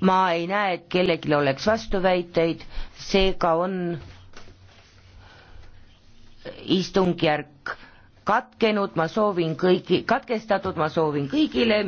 ma ei näe, et kellelgi oleks vastuväiteid, seega on istungjärk katkenud, ma soovin kõigi, katkestatud, ma soovin kõigile